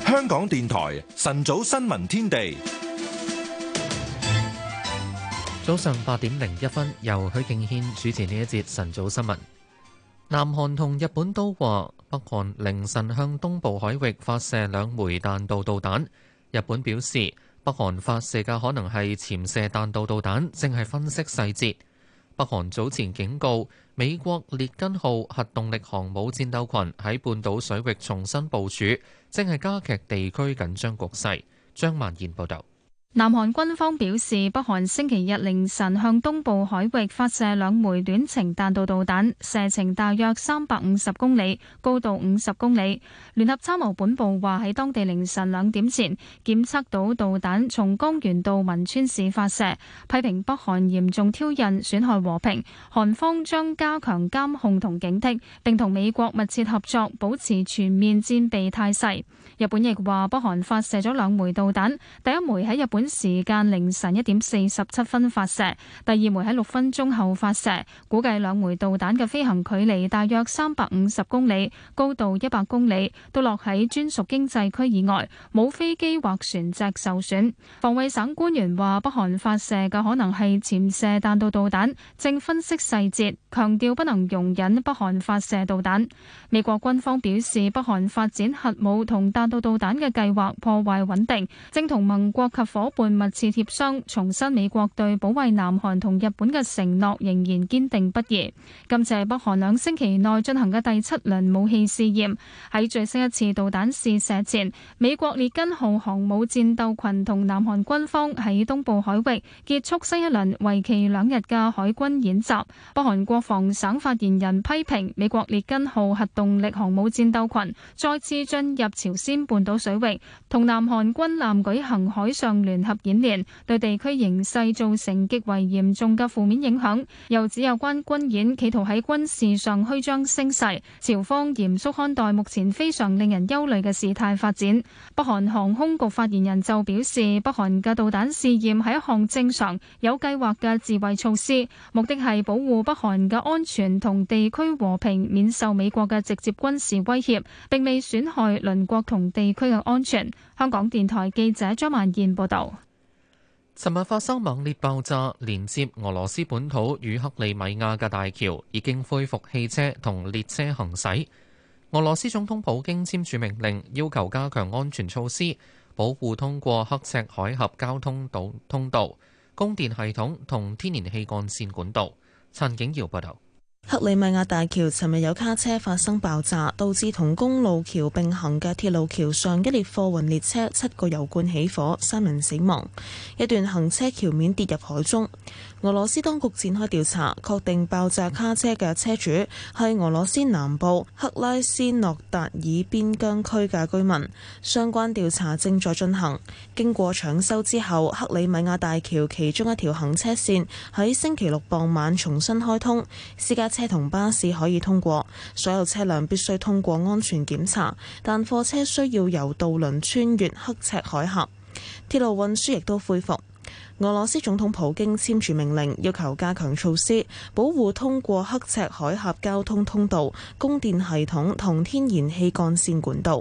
香港電台晨早新聞天地，早上八點零一分，由許敬軒主持呢一節晨早新聞。南韓同日本都話。北韓凌晨向東部海域發射兩枚彈道導彈，日本表示北韓發射嘅可能係潛射彈道導彈，正係分析細節。北韓早前警告美國列根號核動力航母戰鬥群喺半島水域重新部署，正係加劇地區緊張局勢。張萬賢報道。南韓軍方表示，北韓星期日凌晨向東部海域發射兩枚短程彈道導彈，射程大約三百五十公里，高度五十公里。聯合參謀本部話喺當地凌晨兩點前檢測到導彈從江原道文川市發射，批評北韓嚴重挑釁，損害和平。韓方將加強監控同警惕，並同美國密切合作，保持全面戰備態勢。日本亦話北韓發射咗兩枚導彈，第一枚喺日本時間凌晨一點四十七分發射，第二枚喺六分鐘後發射。估計兩枚導彈嘅飛行距離大約三百五十公里，高度一百公里，都落喺專屬經濟區以外，冇飛機或船隻受損。防衛省官員話北韓發射嘅可能係潛射彈道導彈，正分析細節，強調不能容忍北韓發射導彈。美國軍方表示，北韓發展核武同彈到導彈嘅計劃破壞穩定，正同盟國及伙伴密切協商，重申美國對保衛南韓同日本嘅承諾仍然堅定不移。今次係北韓兩星期內進行嘅第七輪武器試驗，喺最新一次導彈試射前，美國列根號航母戰鬥群同南韓軍方喺東部海域結束新一輪為期兩日嘅海軍演習。北韓國防省發言人批評美國列根號核動力航母戰鬥群再次進入朝鮮。半島水域同南韓軍艦舉行海上聯合演練，對地區形勢造成極為嚴重嘅負面影響。又指有關軍演企圖喺軍事上虛張聲勢，朝方嚴肅看待目前非常令人憂慮嘅事態發展。北韓航空局發言人就表示，北韓嘅導彈試驗係一項正常有計劃嘅自衛措施，目的係保護北韓嘅安全同地區和平，免受美國嘅直接軍事威脅，並未損害鄰國同。地區嘅安全。香港電台記者張萬燕報道。尋日發生猛烈爆炸，連接俄羅斯本土與克里米亞嘅大橋已經恢復汽車同列車行駛。俄羅斯總統普京簽署命令，要求加強安全措施，保護通過黑赤海峽交通道通道、供電系統同天然氣幹線管道。陳景瑤報道。克里米亞大橋尋日有卡車發生爆炸，導致同公路橋並行嘅鐵路橋上一列貨運列車七個油罐起火，三人死亡，一段行車橋面跌入海中。俄羅斯當局展開調查，確定爆炸卡車嘅車主係俄羅斯南部克拉斯諾達爾邊疆區嘅居民。相關調查正在進行。經過搶修之後，克里米亞大橋其中一條行車線喺星期六傍晚重新開通，私家車同巴士可以通過，所有車輛必須通過安全檢查，但貨車需要由渡輪穿越刻赤海峽。鐵路運輸亦都恢復。俄羅斯總統普京簽署命令，要求加強措施，保護通過刻赤海峽交通通道、供電系統同天然氣幹線管道。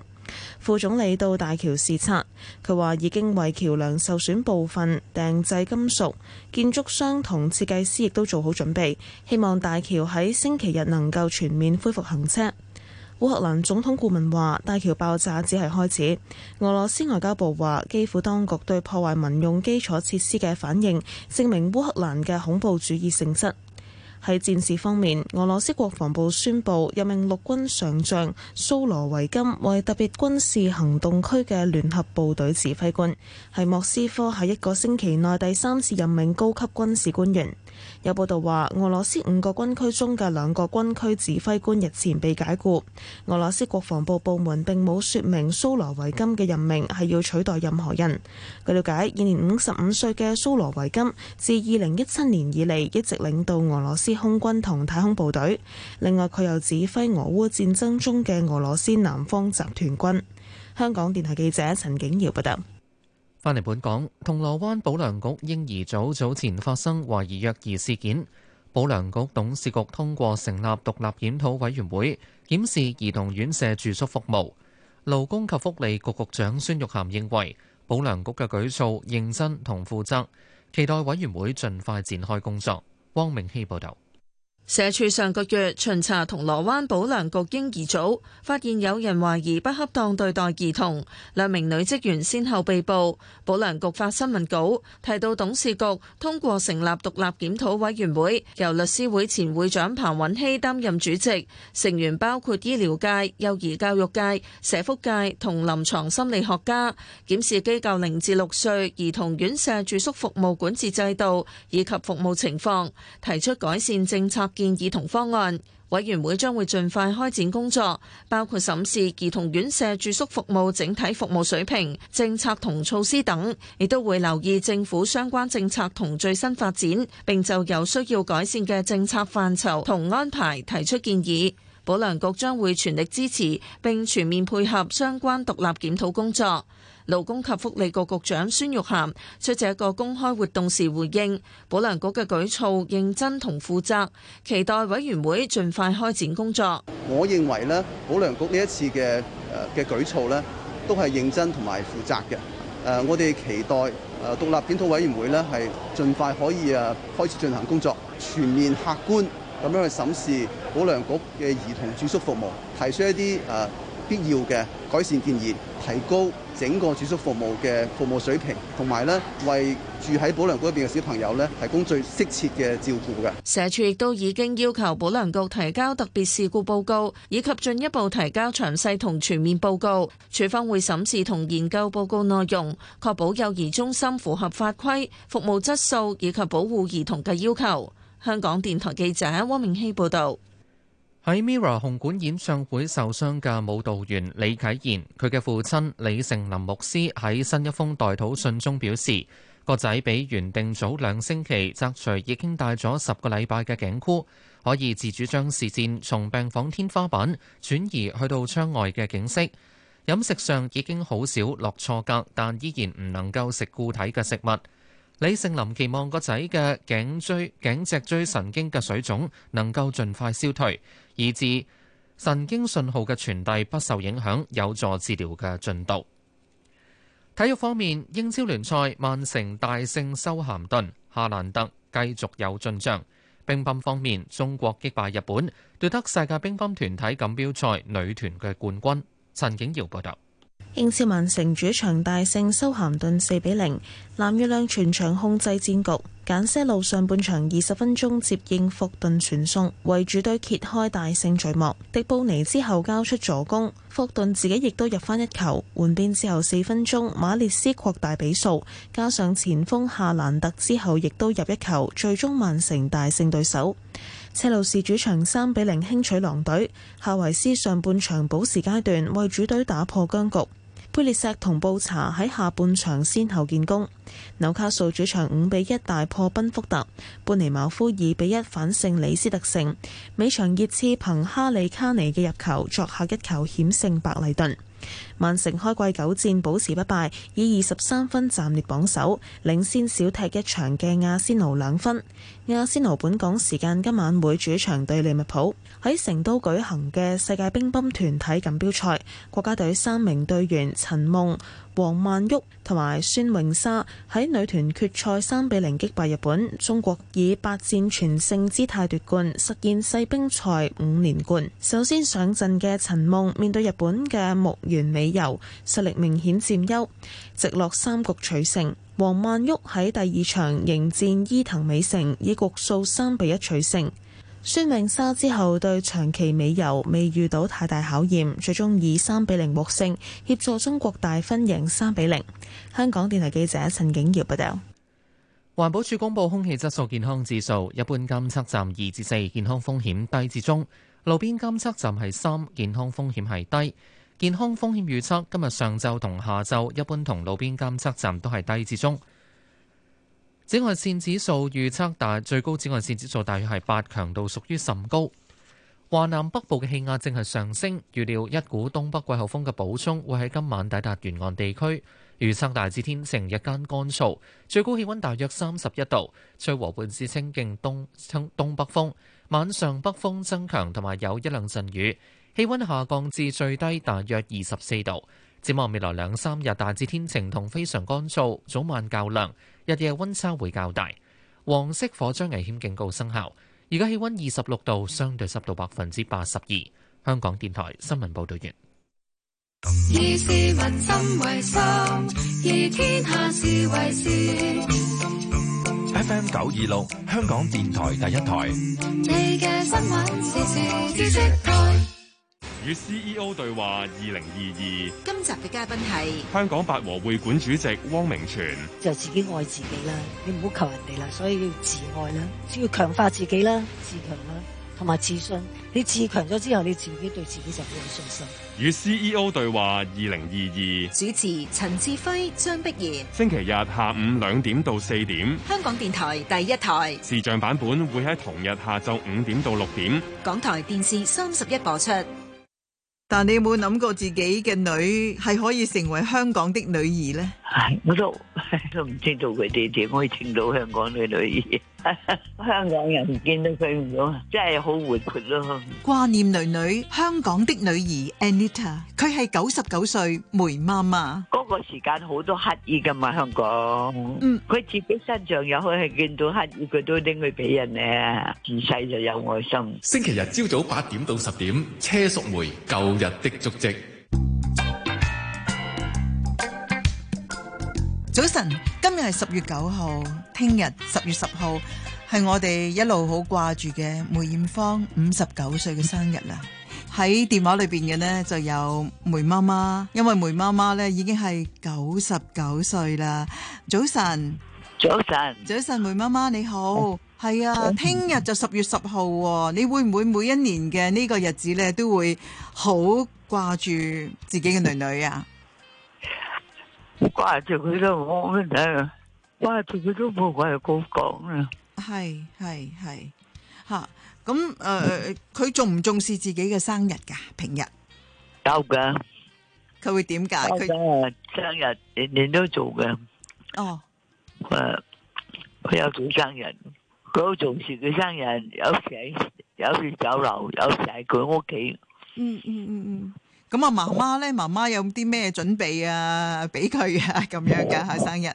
副總理到大橋視察，佢話已經為橋梁受損部分訂製金屬，建築商同設計師亦都做好準備，希望大橋喺星期日能夠全面恢復行車。烏克蘭總統顧問話，大橋爆炸只係開始。俄羅斯外交部話，基輔當局對破壞民用基礎設施嘅反應，證明烏克蘭嘅恐怖主義性質。喺戰事方面，俄羅斯國防部宣布任命陸軍上將蘇羅維金為特別軍事行動區嘅聯合部隊指揮官，係莫斯科喺一個星期內第三次任命高級軍事官員。有報道話，俄羅斯五個軍區中嘅兩個軍區指揮官日前被解雇。俄羅斯國防部部門並冇説明蘇羅維金嘅任命係要取代任何人。據了解，現年五十五歲嘅蘇羅維金自二零一七年以嚟一直領導俄羅斯空軍同太空部隊。另外，佢又指揮俄烏戰爭中嘅俄羅斯南方集團軍。香港電台記者陳景耀報道。翻嚟本港，銅鑼灣保良局嬰兒組早前發生懷疑虐兒事件，保良局董事局通過成立獨立檢討委員會，檢視兒童院舍住宿服務。勞工及福利局局長孫玉菡認為，保良局嘅舉措認真同負責，期待委員會盡快展開工作。汪明希報導。社署上個月巡查銅鑼灣保良局嬰兒組，發現有人懷疑不恰當對待兒童，兩名女職員先後被捕。保良局發新聞稿提到，董事局通過成立獨立檢討委員會，由律師會前會長彭允熙擔任主席，成員包括醫療界、幼兒教育界、社福界同臨床心理學家，檢視機構零至六歲兒童院舍住宿服務管治制度以及服務情況，提出改善政策建議同方案，委員會將會盡快開展工作，包括審視兒童院舍住宿服務整體服務水平、政策同措施等，亦都會留意政府相關政策同最新發展，並就有需要改善嘅政策範疇同安排提出建議。保良局將會全力支持，並全面配合相關獨立檢討工作。勞工及福利局局長孫玉菡出席一個公開活動時回應：保良局嘅舉措認真同負責，期待委員會盡快開展工作。我認為呢，保良局呢一次嘅誒，嘅舉措咧，都係認真同埋負責嘅。誒，我哋期待誒，獨立檢討委員會呢係盡快可以啊開始進行工作，全面客觀咁樣去審視保良局嘅兒童住宿服務，提出一啲誒必要嘅，改善建議，提高整個住宿服務嘅服務水平，同埋咧為住喺保良局嗰邊嘅小朋友咧提供最適切嘅照顧嘅。社署亦都已經要求保良局提交特別事故報告，以及進一步提交詳細同全面報告。處方會審視同研究報告內容，確保幼兒中心符合法規、服務質素以及保護兒童嘅要求。香港電台記者汪明希報導。喺 MIRROR 紅館演唱會受傷嘅舞蹈員李啟賢，佢嘅父親李成林牧師喺新一封代禱信中表示，個仔比原定早兩星期摘除，已經戴咗十個禮拜嘅頸箍，可以自主將視線從病房天花板轉移去到窗外嘅景色。飲食上已經好少落錯格，但依然唔能夠食固體嘅食物。李勝林期望個仔嘅頸椎、頸脊椎神經嘅水腫能夠盡快消退，以致神經信號嘅傳遞不受影響，有助治療嘅進度。體育方面，英超聯賽曼城大勝修咸頓，夏蘭特繼續有進賬。乒乓方面，中國擊敗日本，奪得世界乒乓團體錦標賽女團嘅冠軍。陳景瑤報道。英超曼城主場大勝修咸頓四比零，藍月亮全場控制戰局，簡些路上半場二十分鐘接應霍頓傳送，為主隊揭開大勝序幕。迪布尼之後交出助攻，霍頓自己亦都入翻一球。換邊之後四分鐘，馬列斯擴大比數，加上前鋒夏蘭特之後亦都入一球，最終曼城大勝對手。車路士主場三比零輕取狼隊，夏維斯上半場補時階段為主隊打破僵局。貝列石同布查喺下半場先後建功，紐卡素主場五比一大破賓福特，班尼茅夫二比一反勝里斯特城，尾場熱刺憑哈利卡尼嘅入球作客一球險勝白禮頓。曼城開季九戰保持不敗，以二十三分暫列榜首，領先少踢一場嘅亞仙奴兩分。亞仙奴本港時間今晚會主場對利物浦。喺成都舉行嘅世界乒乓團體錦標賽，國家隊三名隊員陳夢、王曼昱同埋孫穎莎喺女團決賽三比零擊敗日本，中國以八戰全勝姿態奪冠，實現世乒賽五連冠。首先上陣嘅陳夢面對日本嘅木原美。美游實力明顯佔優，直落三局取勝。王曼昱喺第二場迎戰伊藤美誠，以局數三比一取勝。孫穎莎之後對長崎美柚未遇到太大考驗，最終以三比零獲勝，協助中國大分贏三比零。香港電台記者陳景瑤報道。環保署公布空氣質素健康指數，一般監測站二至四，健康風險低至中；路邊監測站係三，健康風險係低。健康風險預測今日上晝同下晝一般，同路邊監測站都係低至中。紫外線指數預測大最高紫外線指數大約係八，強度屬於甚高。華南北部嘅氣壓正係上升，預料一股東北季候風嘅補充會喺今晚抵達沿岸地區。預測大致天晴，日間乾燥，最高氣温大約三十一度，吹和緩至清勁東至東北風，晚上北風增強，同埋有一兩陣雨。氣温下降至最低大約二十四度。展望未來兩三日，大致天晴同非常乾燥，早晚較涼，日夜温差會較大。黃色火災危險警告生效。而家氣温二十六度，相對濕度百分之八十二。香港電台新聞報道員。以天下事為事。F M 九二六，香港電台第一台。你嘅新聞時時知識台。與 C E O 對話二零二二，今集嘅嘉賓係香港八和會館主席汪明荃。就自己愛自己啦，你唔好求人哋啦，所以要自愛啦，要強化自己啦，自強啦，同埋自信。你自強咗之後，你自己對自己就好有信心。與 C E O 對話二零二二，主持陳志輝、張碧賢。星期日下午兩點到四點，香港電台第一台視像版本會喺同日下晝五點到六點，港台電視三十一播出。但你有冇諗過自己嘅女係可以成為香港的女兒咧？我都都唔知道佢哋點可以見到香港嘅女兒，香港人見到佢唔同，真係好活潑咯。掛念囡囡，香港的女兒 Anita，佢係九十九歲梅媽媽。嗰個時間好多乞兒㗎嘛，香港。嗯，佢自己身上有，佢係見到乞兒，佢都拎去俾人咧。自細就有愛心。星期日朝早八點到十點，車淑梅舊日的足跡。早晨，今是日係十月九號，聽日十月十號係我哋一路好掛住嘅梅艷芳五十九歲嘅生日啦。喺電話裏邊嘅呢，就有梅媽媽，因為梅媽媽呢已經係九十九歲啦。早晨，早晨，早晨，梅媽媽你好，係、嗯、啊，聽日就十月十號，你會唔會每一年嘅呢個日子呢，都會好掛住自己嘅女女啊？嗯好掛住佢咯，我咩睇啊？掛住佢都冇話好講啦。係係係吓，咁誒，佢重唔重視自己嘅生日噶？平日，夠噶。佢會點解？佢生日年年都做噶。哦。誒，佢有做生日，好重視佢生日，有時，有時酒樓，有時喺佢屋企。嗯嗯嗯嗯。咁啊，媽媽咧，媽媽有啲咩準備啊？俾佢啊，咁樣嘅吓生日。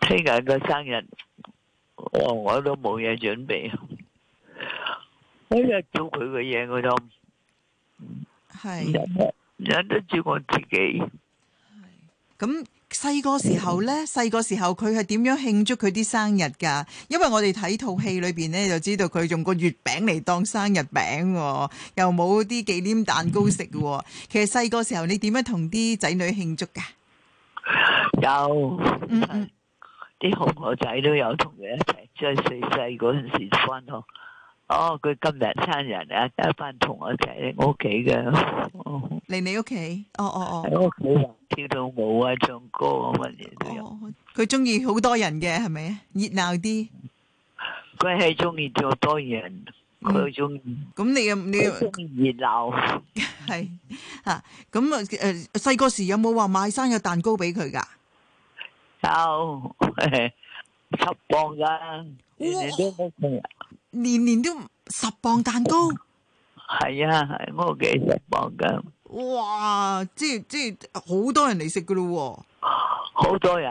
聽日個生日，我我都冇嘢準備，我日做佢嘅嘢我就係忍得住我自己。係咁。細個時候咧，細個時候佢係點樣慶祝佢啲生日噶？因為我哋睇套戲裏邊咧，就知道佢用個月餅嚟當生日餅。哦，又冇啲忌廉蛋糕食。哦。 其實細個時候你點樣同啲仔女慶祝噶？有，啲同學仔都有同佢一齊，即係四歲嗰陣時返學。哦，佢今日生日啊，一班同學仔嚟我屋企嘅，嚟你屋企，哦哦哦，喺屋企啊，跳到舞啊，唱歌啊，乜嘢都有。哦，佢中意好多人嘅係咪啊？熱鬧啲。佢係中意做多人，佢好中意。咁你又你中意熱鬧？係啊，咁啊誒，細個時有冇話買生日蛋糕俾佢噶？有，七磅噶。年年都十磅蛋糕，係啊係，我幾十磅噶。哇，即係即係好多人嚟食噶咯喎，好多人。